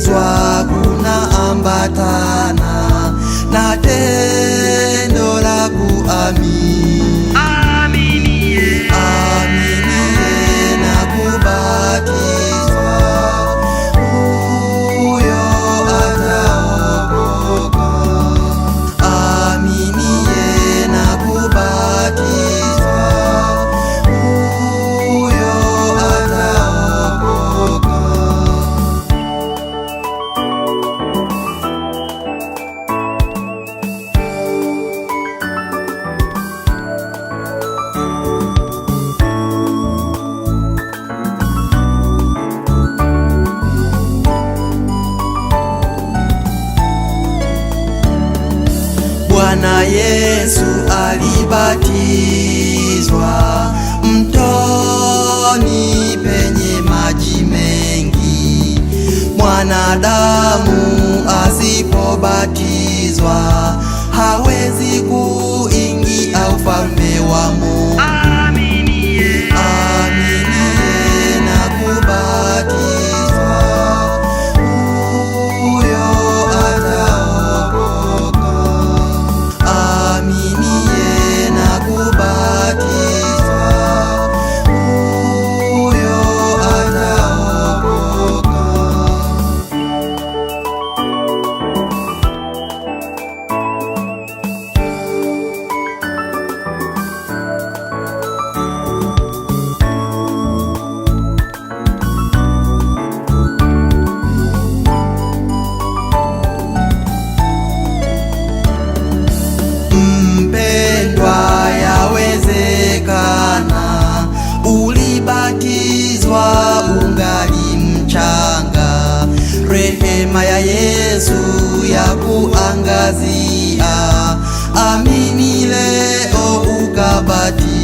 kubatizwa kuna ambatana na tendo la kuamini. Bwana Yesu alibatizwa mtoni penye maji mengi. Mwanadamu asipobatizwa hawezi kuingia ufalme wa Mungu. kuangazia. Amini leo ukabadilika.